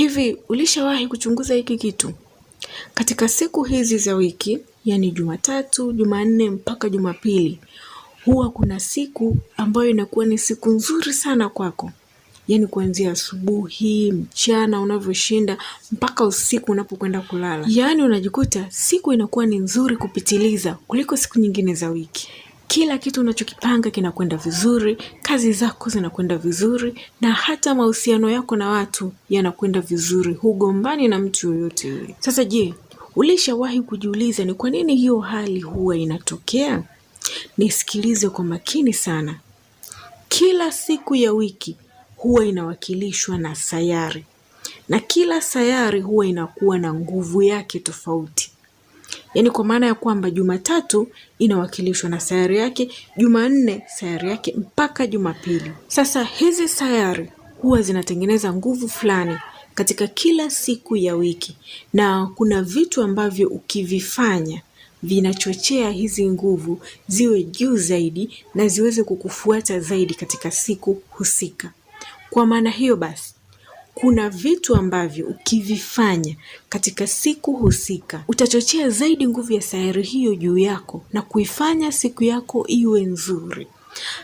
Hivi ulishawahi kuchunguza hiki kitu? Katika siku hizi za wiki, yani Jumatatu, Jumanne mpaka Jumapili, huwa kuna siku ambayo inakuwa ni siku nzuri sana kwako, yaani kuanzia asubuhi, mchana unavyoshinda mpaka usiku unapokwenda kulala, yaani unajikuta siku inakuwa ni nzuri kupitiliza kuliko siku nyingine za wiki. Kila kitu unachokipanga kinakwenda vizuri, kazi zako zinakwenda vizuri, na hata mahusiano yako na watu yanakwenda vizuri, hugombani na mtu yoyote yule. Sasa je, ulishawahi kujiuliza ni kwa nini hiyo hali huwa inatokea? Nisikilize kwa makini sana. Kila siku ya wiki huwa inawakilishwa na sayari, na kila sayari huwa inakuwa na nguvu yake tofauti yaani kwa maana ya kwamba Jumatatu inawakilishwa na sayari yake, Jumanne sayari yake mpaka Jumapili. Sasa hizi sayari huwa zinatengeneza nguvu fulani katika kila siku ya wiki, na kuna vitu ambavyo ukivifanya vinachochea hizi nguvu ziwe juu zaidi na ziweze kukufuata zaidi katika siku husika. Kwa maana hiyo basi kuna vitu ambavyo ukivifanya katika siku husika utachochea zaidi nguvu ya sayari hiyo juu yako na kuifanya siku yako iwe nzuri.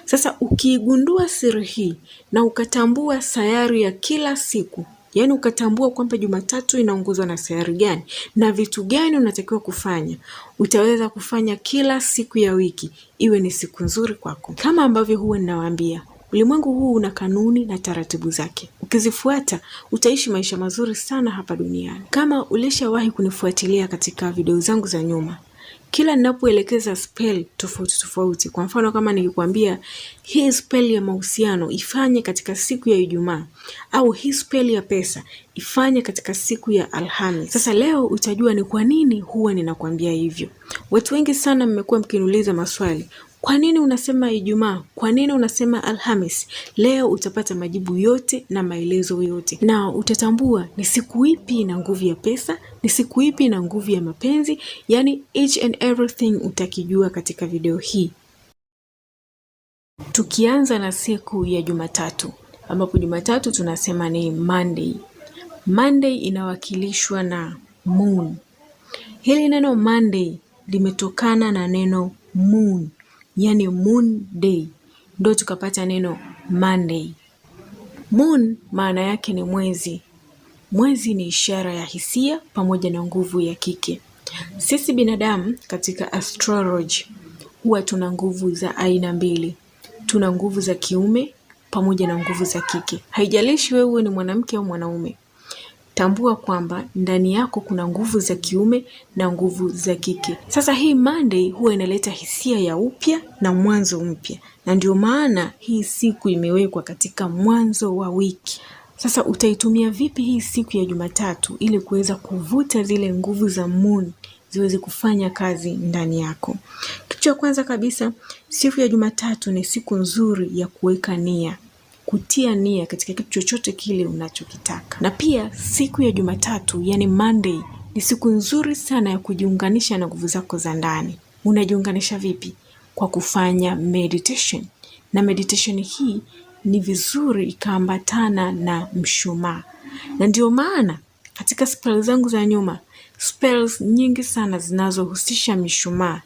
Sasa ukiigundua siri hii na ukatambua sayari ya kila siku, yaani ukatambua kwamba Jumatatu inaongozwa na sayari gani na vitu gani unatakiwa kufanya, utaweza kufanya kila siku ya wiki iwe ni siku nzuri kwako, kama ambavyo huwa ninawaambia Ulimwengu huu una kanuni na taratibu zake, ukizifuata utaishi maisha mazuri sana hapa duniani. Kama ulishawahi kunifuatilia katika video zangu za nyuma, kila ninapoelekeza spell tofauti tofauti, kwa mfano kama nikikwambia hii spell ya mahusiano ifanye katika siku ya Ijumaa, au hii spell ya pesa ifanye katika siku ya Alhamis. Sasa leo utajua ni kwa nini huwa ninakwambia hivyo. Watu wengi sana mmekuwa mkiniuliza maswali, kwa nini unasema Ijumaa? Kwa nini unasema Alhamis? Leo utapata majibu yote na maelezo yote, na utatambua ni siku ipi ina nguvu ya pesa, ni siku ipi ina nguvu ya mapenzi. Yani each and everything utakijua katika video hii, tukianza na siku ya Jumatatu, ambapo Jumatatu tunasema ni Monday. Monday inawakilishwa na moon. Hili neno Monday limetokana na neno moon yani moon day, ndo tukapata neno Monday. Moon maana yake ni mwezi. Mwezi ni ishara ya hisia pamoja na nguvu ya kike. Sisi binadamu katika astrology huwa tuna nguvu za aina mbili, tuna nguvu za kiume pamoja na nguvu za kike. Haijalishi wewe ni mwanamke au mwanaume, tambua kwamba ndani yako kuna nguvu za kiume na nguvu za kike. Sasa hii Monday huwa inaleta hisia ya upya na mwanzo mpya, na ndio maana hii siku imewekwa katika mwanzo wa wiki. Sasa utaitumia vipi hii siku ya Jumatatu ili kuweza kuvuta zile nguvu za moon ziweze kufanya kazi ndani yako? Kitu cha kwanza kabisa, siku ya Jumatatu ni siku nzuri ya kuweka nia kutia nia katika kitu chochote kile unachokitaka. Na pia siku ya Jumatatu, yani Monday, ni siku nzuri sana ya kujiunganisha na nguvu zako za ndani. Unajiunganisha vipi? Kwa kufanya meditation, na meditation hii ni vizuri ikaambatana na mshumaa, na ndio maana katika spells zangu za nyuma spells nyingi sana zinazohusisha mishumaa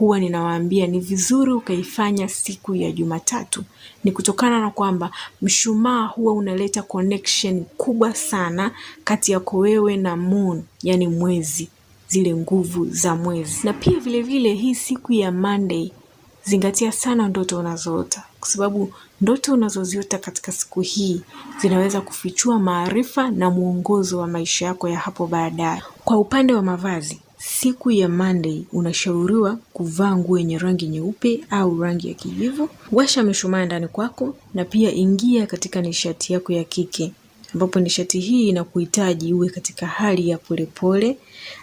huwa ninawaambia ni vizuri ukaifanya siku ya Jumatatu ni kutokana na kwamba mshumaa huwa unaleta connection kubwa sana kati yako wewe na moon, yani mwezi, zile nguvu za mwezi. Na pia vile vile hii siku ya Monday, zingatia sana ndoto unazoota kwa sababu ndoto unazoziota katika siku hii zinaweza kufichua maarifa na mwongozo wa maisha yako ya hapo baadaye. Kwa upande wa mavazi Siku ya Monday unashauriwa kuvaa nguo yenye rangi nyeupe au rangi ya kijivu. Washa mishumaa ndani kwako, na pia ingia katika nishati yako ya kike, ambapo nishati hii inakuhitaji uwe katika hali ya polepole,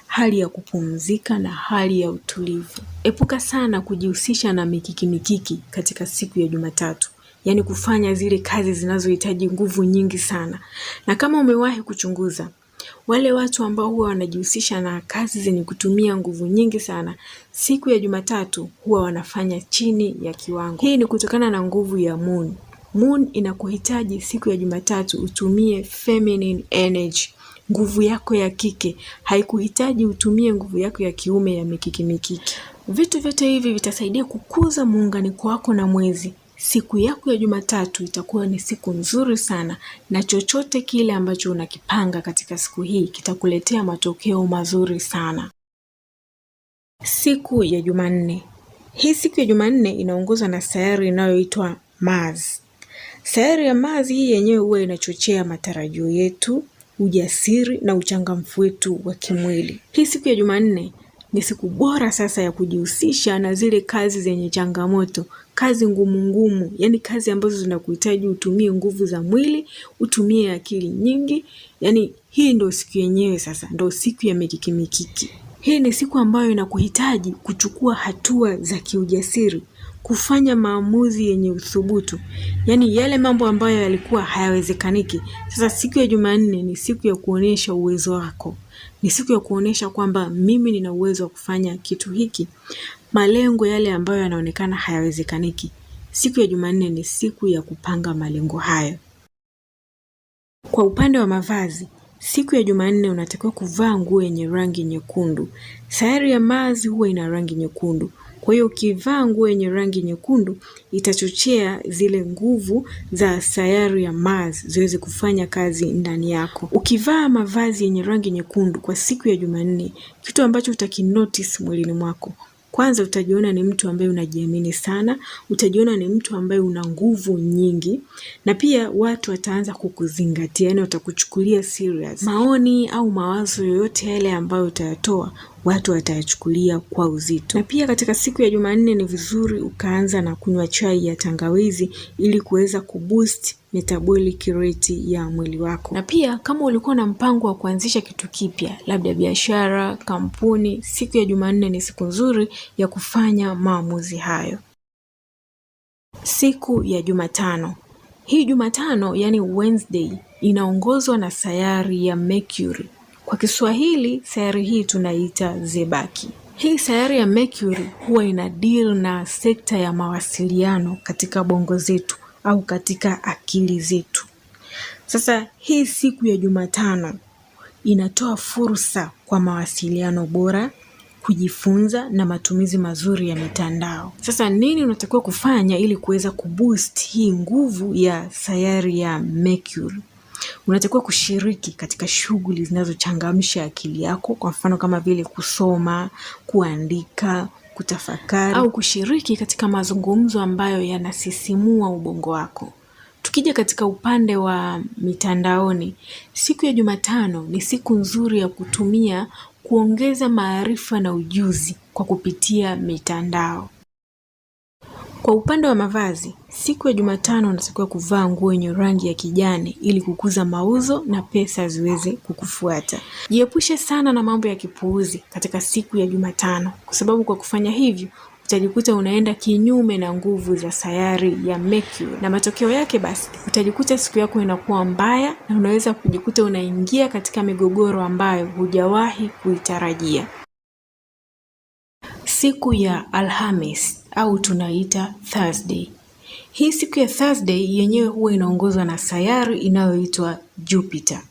hali ya kupumzika na hali ya utulivu. Epuka sana kujihusisha na mikiki mikiki katika siku ya Jumatatu, yaani kufanya zile kazi zinazohitaji nguvu nyingi sana. Na kama umewahi kuchunguza wale watu ambao huwa wanajihusisha na kazi zenye kutumia nguvu nyingi sana, siku ya Jumatatu huwa wanafanya chini ya kiwango. Hii ni kutokana na nguvu ya moon. Moon inakuhitaji siku ya Jumatatu utumie feminine energy, nguvu yako ya kike. Haikuhitaji utumie nguvu yako ya kiume ya mikiki mikiki. Vitu vyote hivi vitasaidia kukuza muunganiko wako na mwezi Siku yako ya Jumatatu itakuwa ni siku nzuri sana, na chochote kile ambacho unakipanga katika siku hii kitakuletea matokeo mazuri sana. Siku ya Jumanne. Hii siku ya Jumanne inaongozwa na sayari inayoitwa Mars. Sayari ya Mars hii yenyewe huwa inachochea matarajio yetu, ujasiri na uchangamfu wetu wa kimwili. Hii siku ya Jumanne ni siku bora sasa ya kujihusisha na zile kazi zenye changamoto kazi ngumu ngumu, yani kazi ambazo zinakuhitaji utumie nguvu za mwili, utumie akili nyingi. Yani hii ndo siku yenyewe sasa, ndo siku ya mikiki mikiki. Hii ni siku ambayo inakuhitaji kuchukua hatua za kiujasiri, kufanya maamuzi yenye uthubutu, yani yale mambo ambayo yalikuwa hayawezekaniki. Sasa siku ya Jumanne ni siku ya kuonyesha uwezo wako, ni siku ya kuonyesha kwamba mimi nina uwezo wa kufanya kitu hiki malengo yale ambayo yanaonekana hayawezekaniki. Siku ya Jumanne ni siku ya kupanga malengo hayo. Kwa upande wa mavazi, siku ya Jumanne unatakiwa kuvaa nguo yenye rangi nyekundu. Sayari ya Mars huwa ina rangi nyekundu, kwa hiyo ukivaa nguo yenye rangi nyekundu itachochea zile nguvu za sayari ya Mars ziweze kufanya kazi ndani yako. Ukivaa mavazi yenye rangi nyekundu kwa siku ya Jumanne, kitu ambacho utakinotice mwilini mwako kwanza utajiona ni mtu ambaye unajiamini sana, utajiona ni mtu ambaye una nguvu nyingi, na pia watu wataanza kukuzingatia, yani watakuchukulia serious. Maoni au mawazo yoyote yale ambayo utayatoa watu watayachukulia kwa uzito. Na pia katika siku ya Jumanne ni vizuri ukaanza na kunywa chai ya tangawizi ili kuweza kuboost metabolic rate ya mwili wako. Na pia kama ulikuwa na mpango wa kuanzisha kitu kipya, labda biashara, kampuni, siku ya Jumanne ni siku nzuri ya kufanya maamuzi hayo. Siku ya Jumatano. Hii Jumatano, yani Wednesday, inaongozwa na sayari ya Mercury kwa Kiswahili sayari hii tunaita zebaki. Hii sayari ya Mercury huwa ina deal na sekta ya mawasiliano katika bongo zetu au katika akili zetu. Sasa hii siku ya Jumatano inatoa fursa kwa mawasiliano bora, kujifunza na matumizi mazuri ya mitandao. Sasa nini unatakiwa kufanya ili kuweza kuboost hii nguvu ya sayari ya Mercury? unatakiwa kushiriki katika shughuli zinazochangamsha akili yako, kwa mfano kama vile kusoma, kuandika, kutafakari au kushiriki katika mazungumzo ambayo yanasisimua ubongo wako. Tukija katika upande wa mitandaoni, siku ya Jumatano ni siku nzuri ya kutumia kuongeza maarifa na ujuzi kwa kupitia mitandao. Kwa upande wa mavazi, siku ya Jumatano unatakiwa kuvaa nguo yenye rangi ya kijani ili kukuza mauzo na pesa ziweze kukufuata. Jiepushe sana na mambo ya kipuuzi katika siku ya Jumatano, kwa sababu kwa kufanya hivyo utajikuta unaenda kinyume na nguvu za sayari ya Mercury, na matokeo yake basi utajikuta siku yako inakuwa mbaya na unaweza kujikuta unaingia katika migogoro ambayo hujawahi kuitarajia siku ya Alhamis au tunaita Thursday. Hii siku ya Thursday yenyewe huwa inaongozwa na sayari inayoitwa Jupiter.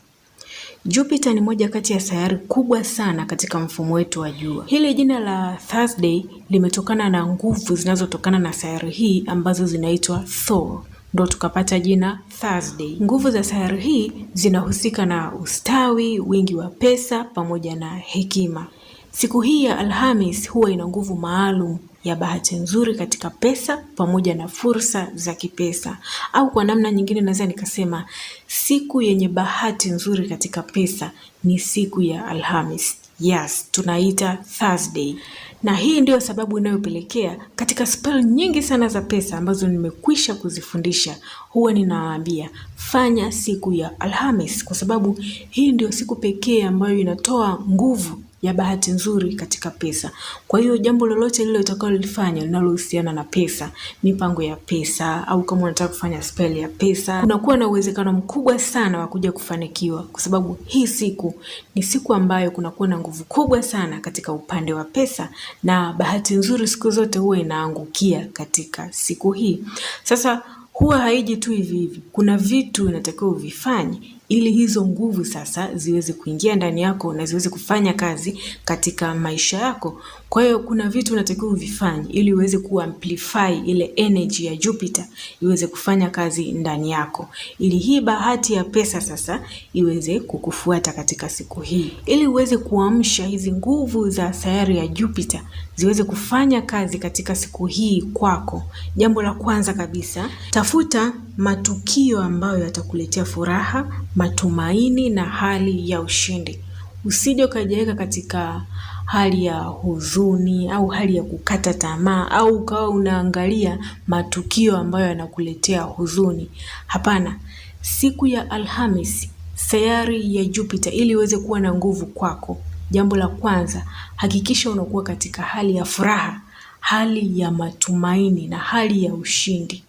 Jupiter ni moja kati ya sayari kubwa sana katika mfumo wetu wa jua. Hili jina la Thursday limetokana na nguvu zinazotokana na sayari hii ambazo zinaitwa Thor, ndo tukapata jina Thursday. Nguvu za sayari hii zinahusika na ustawi, wingi wa pesa pamoja na hekima. Siku hii ya Alhamis huwa ina nguvu maalum ya bahati nzuri katika pesa pamoja na fursa za kipesa, au kwa namna nyingine naweza nikasema siku yenye bahati nzuri katika pesa ni siku ya Alhamis. Yes, tunaita Thursday. Na hii ndiyo sababu inayopelekea katika spell nyingi sana za pesa ambazo nimekwisha kuzifundisha, huwa ninawaambia fanya siku ya Alhamis, kwa sababu hii ndiyo siku pekee ambayo inatoa nguvu ya bahati nzuri katika pesa. Kwa hiyo jambo lolote lile utakalolifanya linalohusiana na pesa, mipango ya pesa, au kama unataka kufanya spell ya pesa, kunakuwa na uwezekano mkubwa sana wa kuja kufanikiwa, kwa sababu hii siku ni siku ambayo kunakuwa na nguvu kubwa sana katika upande wa pesa, na bahati nzuri siku zote huwa inaangukia katika siku hii. Sasa huwa haiji tu hivi hivi, kuna vitu inatakiwa uvifanye ili hizo nguvu sasa ziweze kuingia ndani yako na ziweze kufanya kazi katika maisha yako. Kwa hiyo kuna vitu unatakiwa uvifanye ili uweze kuamplify ile energy ya Jupiter iweze kufanya kazi ndani yako, ili hii bahati ya pesa sasa iweze kukufuata katika siku hii, ili uweze kuamsha hizi nguvu za sayari ya Jupiter ziweze kufanya kazi katika siku hii kwako. Jambo la kwanza kabisa, tafuta matukio ambayo yatakuletea furaha matumaini na hali ya ushindi. Usije ukajiweka katika hali ya huzuni au hali ya kukata tamaa au ukawa unaangalia matukio ambayo yanakuletea huzuni. Hapana, siku ya Alhamisi sayari ya Jupiter ili iweze kuwa na nguvu kwako. Jambo la kwanza, hakikisha unakuwa katika hali ya furaha, hali ya matumaini na hali ya ushindi.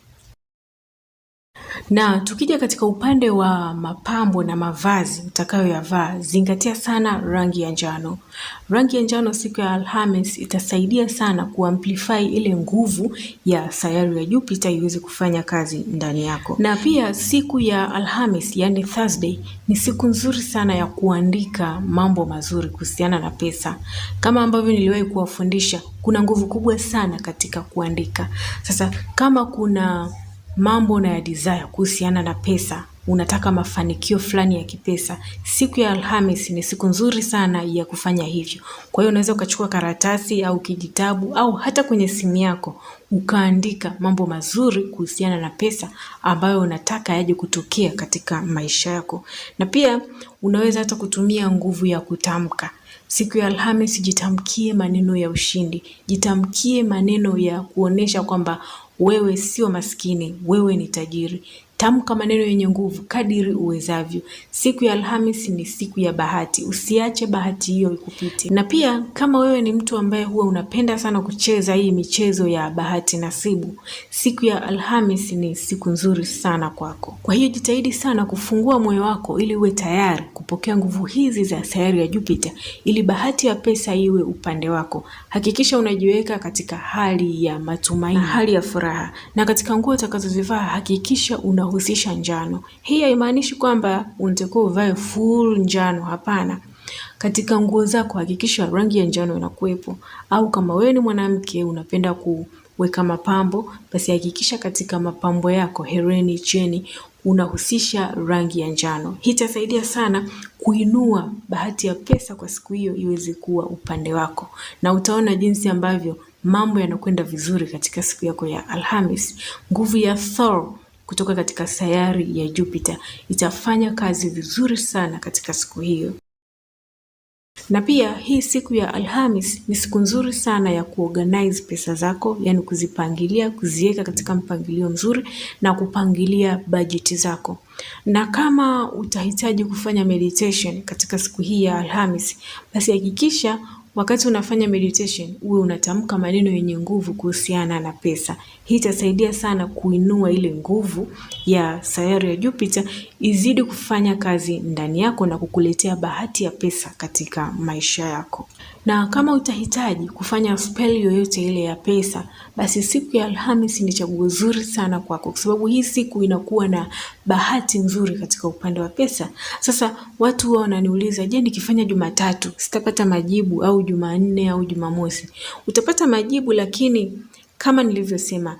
Na tukija katika upande wa mapambo na mavazi utakayoyavaa, zingatia sana rangi ya njano. Rangi ya njano siku ya Alhamis itasaidia sana kuamplify ile nguvu ya sayari ya Jupiter iweze kufanya kazi ndani yako. Na pia siku ya Alhamis, yani Thursday, ni siku nzuri sana ya kuandika mambo mazuri kuhusiana na pesa. Kama ambavyo niliwahi kuwafundisha, kuna nguvu kubwa sana katika kuandika. Sasa kama kuna mambo ya desire kuhusiana na pesa, unataka mafanikio fulani ya kipesa, siku ya alhamis ni siku nzuri sana ya kufanya hivyo. Kwa hiyo unaweza ukachukua karatasi au kijitabu au hata kwenye simu yako ukaandika mambo mazuri kuhusiana na pesa ambayo unataka yaje kutokea katika maisha yako, na pia unaweza hata kutumia nguvu ya kutamka. Siku ya alhamis jitamkie maneno ya ushindi, jitamkie maneno ya kuonesha kwamba wewe sio maskini, wewe ni tajiri. Tamka maneno yenye nguvu kadiri uwezavyo. Siku ya Alhamisi ni siku ya bahati, usiache bahati hiyo ikupite. Na pia kama wewe ni mtu ambaye huwa unapenda sana kucheza hii michezo ya bahati nasibu, siku ya Alhamisi ni siku nzuri sana kwako. Kwa hiyo jitahidi sana kufungua moyo wako ili uwe tayari kupokea nguvu hizi za sayari ya Jupiter, ili bahati ya pesa iwe upande wako. Hakikisha unajiweka katika hali ya matumaini hali ya furaha, na katika nguo utakazozivaa hakikisha una unahusisha njano. Hii haimaanishi kwamba unatakiwa uvae full njano, hapana. Katika nguo zako hakikisha rangi ya njano inakuwepo, au kama wewe ni mwanamke unapenda kuweka mapambo, basi hakikisha katika mapambo yako, hereni, cheni, unahusisha rangi ya njano. Hii itasaidia sana kuinua bahati ya pesa kwa siku hiyo iweze kuwa upande wako, na utaona jinsi ambavyo mambo yanakwenda vizuri katika siku yako ya Alhamis. Nguvu ya Thor kutoka katika sayari ya Jupiter itafanya kazi vizuri sana katika siku hiyo. Na pia hii siku ya Alhamis ni siku nzuri sana ya kuorganize pesa zako, yani kuzipangilia, kuziweka katika mpangilio mzuri na kupangilia bajeti zako. Na kama utahitaji kufanya meditation katika siku hii ya Alhamis, basi hakikisha wakati unafanya meditation uwe unatamka maneno yenye nguvu kuhusiana na pesa. Hii itasaidia sana kuinua ile nguvu ya sayari ya Jupiter izidi kufanya kazi ndani yako na kukuletea bahati ya pesa katika maisha yako. Na kama utahitaji kufanya spell yoyote ile ya pesa, basi siku ya alhamis ni chaguo zuri sana kwako, kwa sababu hii siku inakuwa na bahati nzuri katika upande wa pesa. Sasa watu huwa wananiuliza, je, nikifanya Jumatatu sitapata majibu au Jumanne au Jumamosi? Utapata majibu, lakini kama nilivyosema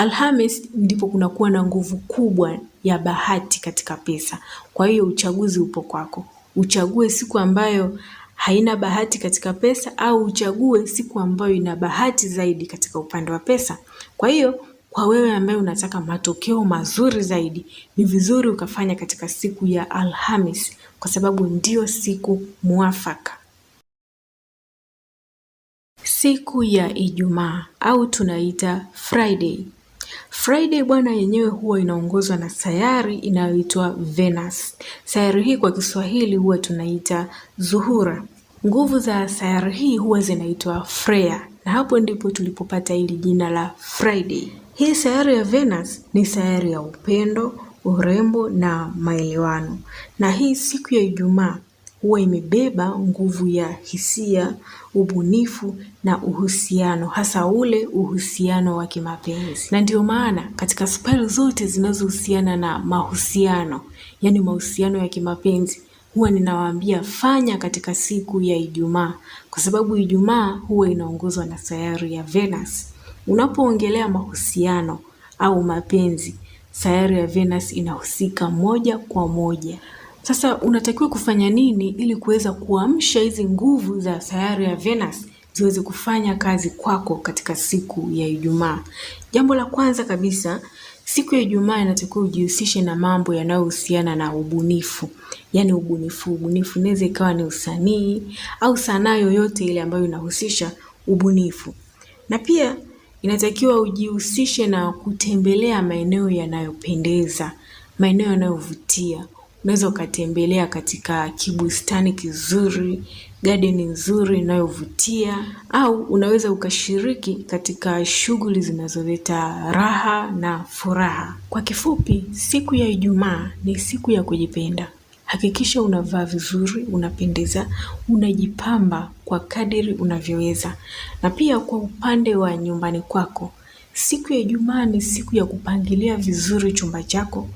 Alhamis ndipo kunakuwa na nguvu kubwa ya bahati katika pesa. Kwa hiyo uchaguzi upo kwako, uchague siku ambayo haina bahati katika pesa au uchague siku ambayo ina bahati zaidi katika upande wa pesa. Kwa hiyo kwa wewe ambaye unataka matokeo mazuri zaidi, ni vizuri ukafanya katika siku ya Alhamis kwa sababu ndiyo siku mwafaka. Siku ya Ijumaa au tunaita Friday Friday bwana yenyewe huwa inaongozwa na sayari inayoitwa Venus. Sayari hii kwa Kiswahili huwa tunaita Zuhura. Nguvu za sayari hii huwa zinaitwa Freya, na hapo ndipo tulipopata hili jina la Friday. Hii sayari ya Venus ni sayari ya upendo, urembo na maelewano, na hii siku ya Ijumaa huwa imebeba nguvu ya hisia, ubunifu na uhusiano, hasa ule uhusiano wa kimapenzi. Na ndio maana katika staili zote zinazohusiana na mahusiano, yaani mahusiano ya kimapenzi, huwa ninawaambia fanya katika siku ya Ijumaa, kwa sababu Ijumaa huwa inaongozwa na sayari ya Venus. Unapoongelea mahusiano au mapenzi, sayari ya Venus inahusika moja kwa moja. Sasa unatakiwa kufanya nini ili kuweza kuamsha hizi nguvu za sayari ya Venus ziweze kufanya kazi kwako katika siku ya Ijumaa? Jambo la kwanza kabisa, siku ya Ijumaa inatakiwa ujihusishe na mambo yanayohusiana na ubunifu, yaani ubunifu. Ubunifu inaweza ikawa ni usanii au sanaa yoyote ile ambayo inahusisha ubunifu, na pia inatakiwa ujihusishe na kutembelea maeneo yanayopendeza, maeneo yanayovutia unaweza ukatembelea katika kibustani kizuri, gadeni nzuri inayovutia, au unaweza ukashiriki katika shughuli zinazoleta raha na furaha. Kwa kifupi, siku ya Ijumaa ni siku ya kujipenda. Hakikisha unavaa vizuri, unapendeza, unajipamba kwa kadiri unavyoweza. Na pia kwa upande wa nyumbani kwako, siku ya Ijumaa ni siku ya kupangilia vizuri chumba chako,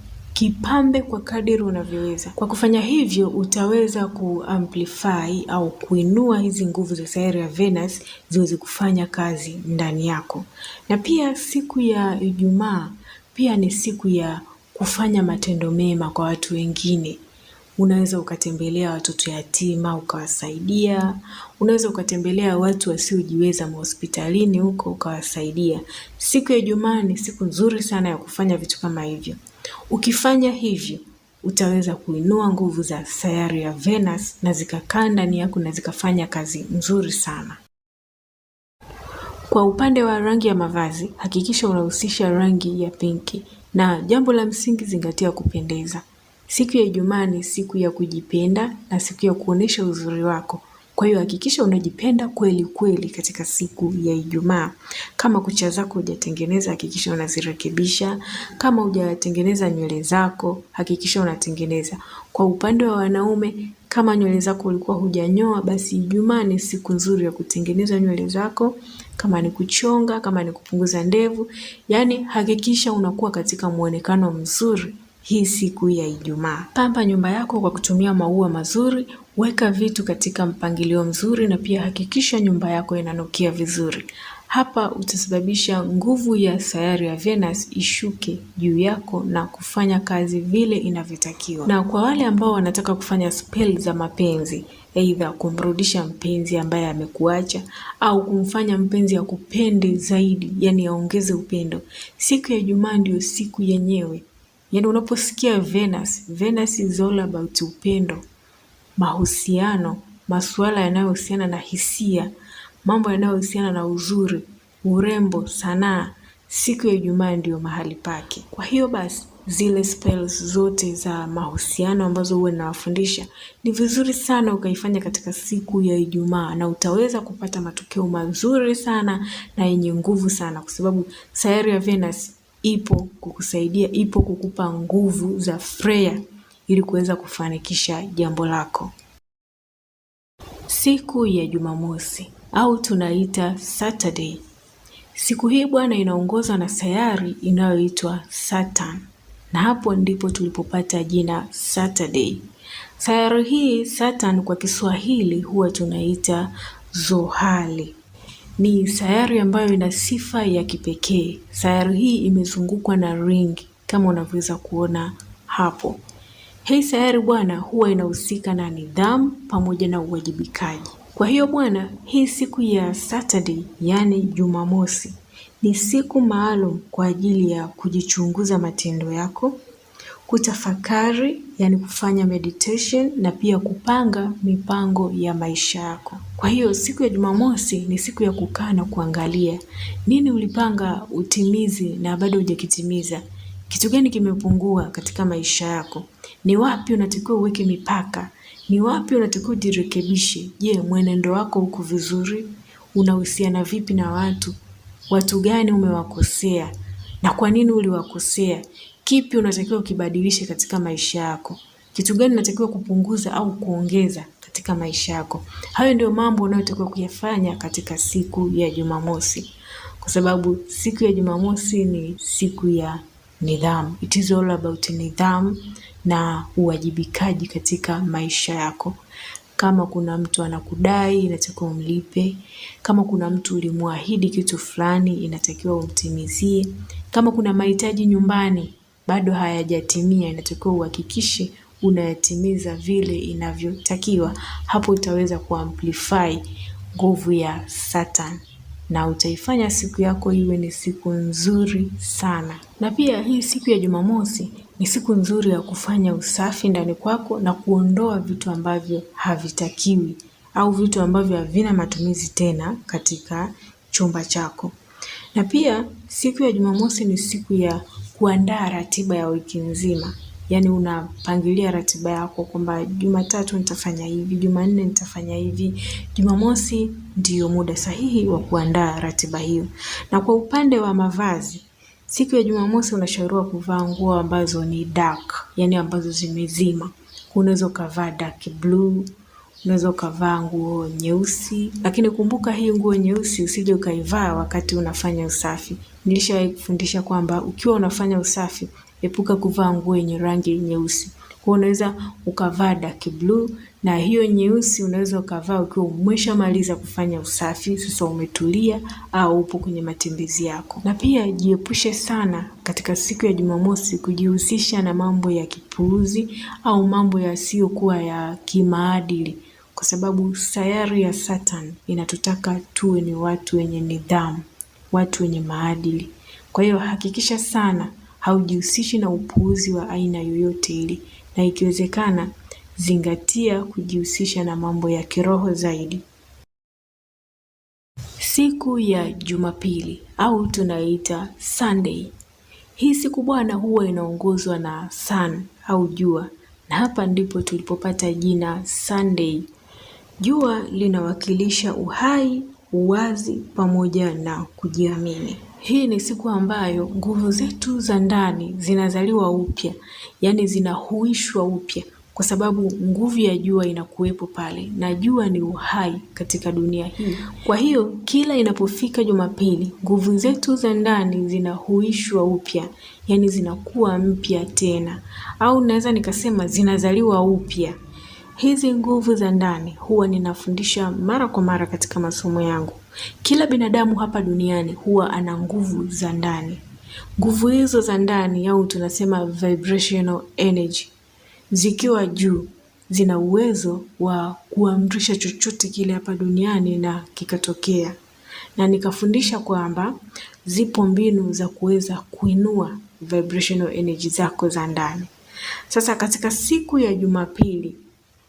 kipambe kwa kadiri unavyoweza. Kwa kufanya hivyo, utaweza kuamplify au kuinua hizi nguvu za sayari ya Venus ziweze kufanya kazi ndani yako. Na pia siku ya Ijumaa pia ni siku ya kufanya matendo mema kwa watu wengine. Unaweza ukatembelea watoto yatima ukawasaidia. Unaweza ukatembelea watu wasiojiweza mahospitalini huko ukawasaidia. Siku ya Ijumaa ni siku nzuri sana ya kufanya vitu kama hivyo. Ukifanya hivyo utaweza kuinua nguvu za sayari ya Venus na zikakaa ndani yako na zikafanya kazi nzuri sana. Kwa upande wa rangi ya mavazi, hakikisha unahusisha rangi ya pinki, na jambo la msingi, zingatia kupendeza. Siku ya Ijumaa ni siku ya kujipenda na siku ya kuonesha uzuri wako. Kwa hiyo hakikisha unajipenda kweli kweli katika siku ya Ijumaa. Kama kucha zako hujatengeneza, hakikisha unazirekebisha. Kama hujatengeneza nywele zako, hakikisha unatengeneza. Kwa upande wa wanaume, kama nywele zako ulikuwa hujanyoa, basi Ijumaa ni siku nzuri ya kutengeneza nywele zako, kama ni kuchonga, kama ni kupunguza ndevu, yaani hakikisha unakuwa katika muonekano mzuri hii siku ya Ijumaa. Pamba nyumba yako kwa kutumia maua mazuri, Weka vitu katika mpangilio mzuri na pia hakikisha nyumba yako inanukia vizuri. Hapa utasababisha nguvu ya sayari ya Venus ishuke juu yako na kufanya kazi vile inavyotakiwa. Na kwa wale ambao wanataka kufanya spell za mapenzi, aidha kumrudisha mpenzi ambaye amekuacha au kumfanya mpenzi akupende zaidi, yani aongeze upendo, siku ya Ijumaa ndio siku yenyewe. Yani unaposikia Venus, Venus is all about upendo mahusiano, masuala yanayohusiana na hisia, mambo yanayohusiana na uzuri, urembo, sanaa, siku ya Ijumaa ndiyo mahali pake. Kwa hiyo basi zile spells zote za mahusiano ambazo huwa ninawafundisha ni vizuri sana ukaifanya katika siku ya Ijumaa, na utaweza kupata matokeo mazuri sana na yenye nguvu sana, kwa sababu sayari ya Venus ipo kukusaidia, ipo kukupa nguvu za freya ili kuweza kufanikisha jambo lako. Siku ya Jumamosi au tunaita Saturday. Siku hii bwana inaongozwa na sayari inayoitwa Saturn, na hapo ndipo tulipopata jina Saturday. Sayari hii Saturn kwa Kiswahili huwa tunaita Zohali. Ni sayari ambayo ina sifa ya kipekee. Sayari hii imezungukwa na ringi kama unavyoweza kuona hapo. Hei Sayari bwana huwa inahusika na nidhamu pamoja na uwajibikaji. Kwa hiyo bwana, hii siku ya Saturday yaani Jumamosi ni siku maalum kwa ajili ya kujichunguza matendo yako, kutafakari yani kufanya meditation na pia kupanga mipango ya maisha yako. Kwa hiyo siku ya Jumamosi ni siku ya kukaa na kuangalia nini ulipanga utimizi na bado hujakitimiza, kitu gani kimepungua katika maisha yako. Ni wapi unatakiwa uweke mipaka? Ni wapi unatakiwa ujirekebishe? Je, mwenendo wako uko vizuri? Unahusiana vipi na watu? Watu gani umewakosea na kwa nini uliwakosea? Kipi unatakiwa ukibadilishe katika maisha yako? Kitu gani unatakiwa kupunguza au kuongeza katika maisha yako? Hayo ndio mambo unayotakiwa kuyafanya katika siku ya Jumamosi, kwa sababu siku ya Jumamosi ni siku ya nidhamu. It is all about nidhamu, na uwajibikaji katika maisha yako. Kama kuna mtu anakudai inatakiwa umlipe. Kama kuna mtu ulimwahidi kitu fulani inatakiwa umtimizie. Kama kuna mahitaji nyumbani bado hayajatimia inatakiwa uhakikishe unayatimiza vile inavyotakiwa. Hapo utaweza kuamplify nguvu ya Satan na utaifanya siku yako iwe ni siku nzuri sana. Na pia hii siku ya Jumamosi ni siku nzuri ya kufanya usafi ndani kwako na kuondoa vitu ambavyo havitakiwi au vitu ambavyo havina matumizi tena katika chumba chako. Na pia siku ya Jumamosi ni siku ya kuandaa ratiba ya wiki nzima, yaani unapangilia ratiba yako kwamba Jumatatu nitafanya hivi, Jumanne nitafanya hivi. Jumamosi ndiyo muda sahihi wa kuandaa ratiba hiyo. Na kwa upande wa mavazi, Siku ya Jumamosi unashauriwa kuvaa nguo ambazo ni dark, yani ambazo zimezima. Unaweza ukavaa dark blue, unaweza ukavaa nguo nyeusi, lakini kumbuka hii nguo nyeusi usije ukaivaa wakati unafanya usafi. Nilishawahi kufundisha kwamba ukiwa unafanya usafi, epuka kuvaa nguo yenye rangi nyeusi. Kwa unaweza ukavaa dark blue na hiyo nyeusi unaweza ukavaa ukiwa umeshamaliza kufanya usafi, sasa umetulia au upo kwenye matembezi yako. Na pia jiepushe sana katika siku ya Jumamosi kujihusisha na mambo ya kipuuzi au mambo yasiyokuwa ya kimaadili kwa sababu sayari ya Satan inatutaka tuwe ni watu wenye nidhamu, watu wenye maadili. Kwa hiyo hakikisha sana haujihusishi na upuuzi wa aina yoyote ile na ikiwezekana zingatia kujihusisha na mambo ya kiroho zaidi. Siku ya Jumapili au tunaita Sunday. Hii siku bwana, huwa inaongozwa na sun au jua, na hapa ndipo tulipopata jina Sunday. Jua linawakilisha uhai, uwazi pamoja na kujiamini. Hii ni siku ambayo nguvu zetu za ndani zinazaliwa upya, yaani zinahuishwa upya, kwa sababu nguvu ya jua inakuwepo pale, na jua ni uhai katika dunia hii. Kwa hiyo kila inapofika Jumapili, nguvu zetu za ndani zinahuishwa upya, yaani zinakuwa mpya tena, au naweza nikasema zinazaliwa upya. Hizi nguvu za ndani huwa ninafundisha mara kwa mara katika masomo yangu. Kila binadamu hapa duniani huwa ana nguvu za ndani. Nguvu hizo za ndani au tunasema vibrational energy, zikiwa juu zina uwezo wa kuamrisha chochote kile hapa duniani na kikatokea, na nikafundisha kwamba zipo mbinu za kuweza kuinua vibrational energy zako za ndani. Sasa katika siku ya Jumapili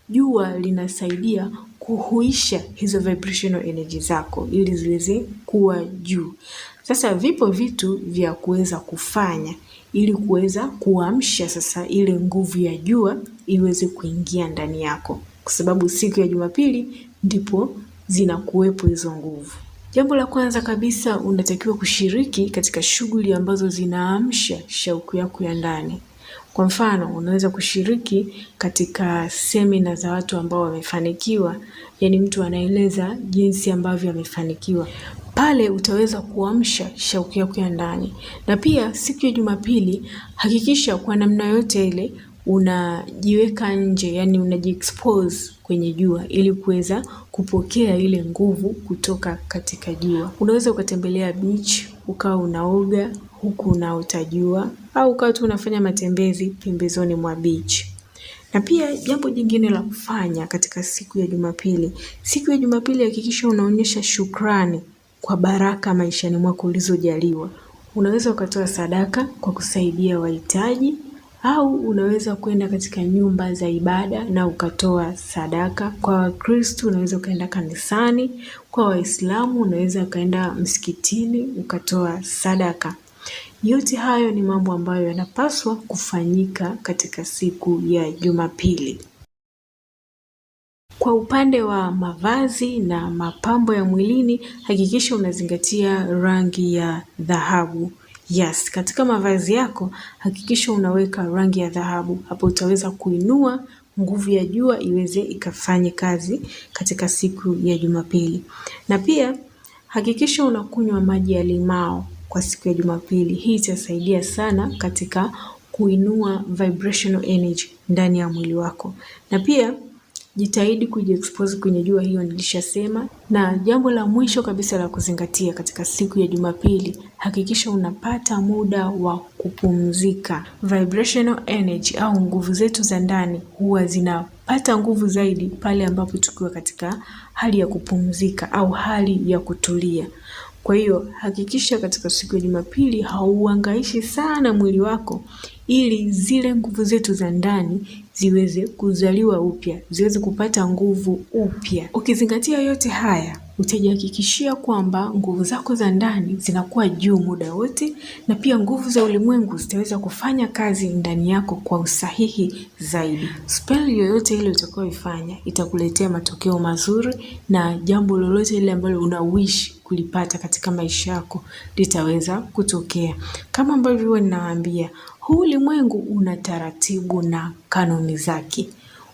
Jua linasaidia kuhuisha hizo vibrational energy zako ili ziweze kuwa juu. Sasa vipo vitu vya kuweza kufanya ili kuweza kuamsha sasa ile nguvu ya jua iweze kuingia ndani yako, kwa sababu siku ya Jumapili ndipo zinakuwepo hizo nguvu. Jambo la kwanza kabisa, unatakiwa kushiriki katika shughuli ambazo zinaamsha shauku yako ya ndani. Kwa mfano, unaweza kushiriki katika semina za watu ambao wamefanikiwa, yani mtu anaeleza jinsi ambavyo amefanikiwa. Pale utaweza kuamsha shauku yako ya ndani. Na pia siku ya Jumapili hakikisha kwa namna yote ile unajiweka nje, yani unajiexpose kwenye jua ili kuweza kupokea ile nguvu kutoka katika jua. Unaweza ukatembelea beach, ukawa unaoga huku na utajua au ukawa tu unafanya matembezi pembezoni mwa beach. Na pia jambo jingine la kufanya katika siku ya Jumapili, siku ya Jumapili hakikisha unaonyesha shukrani kwa baraka maishani mwako ulizojaliwa. Unaweza ukatoa sadaka kwa kusaidia wahitaji au unaweza kwenda katika nyumba za ibada na ukatoa sadaka. Kwa Wakristu unaweza ukaenda kanisani, kwa Waislamu unaweza ukaenda msikitini ukatoa sadaka. Yote hayo ni mambo ambayo yanapaswa kufanyika katika siku ya Jumapili. Kwa upande wa mavazi na mapambo ya mwilini, hakikisha unazingatia rangi ya dhahabu. Yes, katika mavazi yako hakikisha unaweka rangi ya dhahabu. Hapo utaweza kuinua nguvu ya jua iweze ikafanye kazi katika siku ya Jumapili. Na pia hakikisha unakunywa maji ya limao kwa siku ya Jumapili. Hii itasaidia sana katika kuinua vibrational energy ndani ya mwili wako, na pia jitahidi kujiexpose kwenye jua, hiyo nilishasema. Na jambo la mwisho kabisa la kuzingatia katika siku ya Jumapili, hakikisha unapata muda wa kupumzika. Vibrational energy au nguvu zetu za ndani huwa zinapata nguvu zaidi pale ambapo tukiwa katika hali ya kupumzika au hali ya kutulia. Kwa hiyo hakikisha katika siku ya Jumapili hauangaishi sana mwili wako ili zile nguvu zetu za ndani ziweze kuzaliwa upya, ziweze kupata nguvu upya. Ukizingatia yote haya utajihakikishia kwamba nguvu zako za ndani zinakuwa juu muda wote, na pia nguvu za ulimwengu zitaweza kufanya kazi ndani yako kwa usahihi zaidi. spel yoyote ile utakayoifanya itakuletea matokeo mazuri, na jambo lolote ile ambalo unawishi kulipata katika maisha yako litaweza kutokea. Kama ambavyo huwa ninawaambia, huu ulimwengu una taratibu na kanuni zake.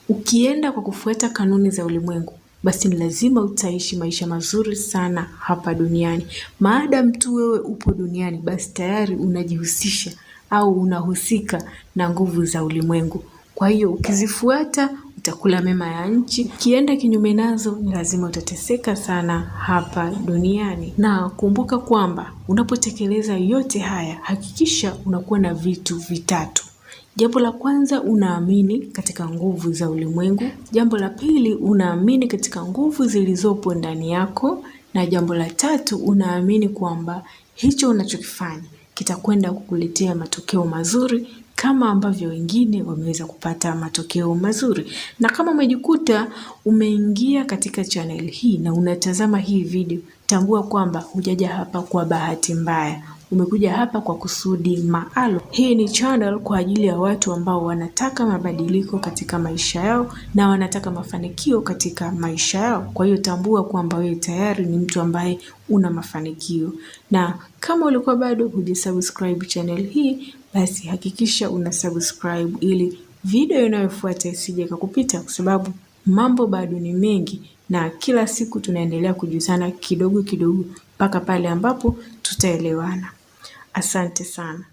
Ukienda kwa kufuata kanuni za ulimwengu basi ni lazima utaishi maisha mazuri sana hapa duniani. maada tu wewe upo duniani, basi tayari unajihusisha au unahusika na nguvu za ulimwengu. Kwa hiyo ukizifuata utakula mema ya nchi, ukienda kinyume nazo ni lazima utateseka sana hapa duniani. Na kumbuka kwamba unapotekeleza yote haya, hakikisha unakuwa na vitu vitatu. Jambo la kwanza, unaamini katika nguvu za ulimwengu. Jambo la pili, unaamini katika nguvu zilizopo ndani yako, na jambo la tatu, unaamini kwamba hicho unachokifanya kitakwenda kukuletea matokeo mazuri kama ambavyo wengine wameweza kupata matokeo mazuri. Na kama umejikuta umeingia katika channel hii na unatazama hii video, tambua kwamba hujaja hapa kwa bahati mbaya umekuja hapa kwa kusudi maalum. Hii ni channel kwa ajili ya watu ambao wanataka mabadiliko katika maisha yao na wanataka mafanikio katika maisha yao. Kwa hiyo tambua kwamba wewe tayari ni mtu ambaye una mafanikio, na kama ulikuwa bado hujasubscribe channel hii, basi hakikisha una subscribe ili video inayofuata isije kukupita, kwa sababu mambo bado ni mengi na kila siku tunaendelea kujuzana kidogo kidogo mpaka pale ambapo tutaelewana. Asante sana.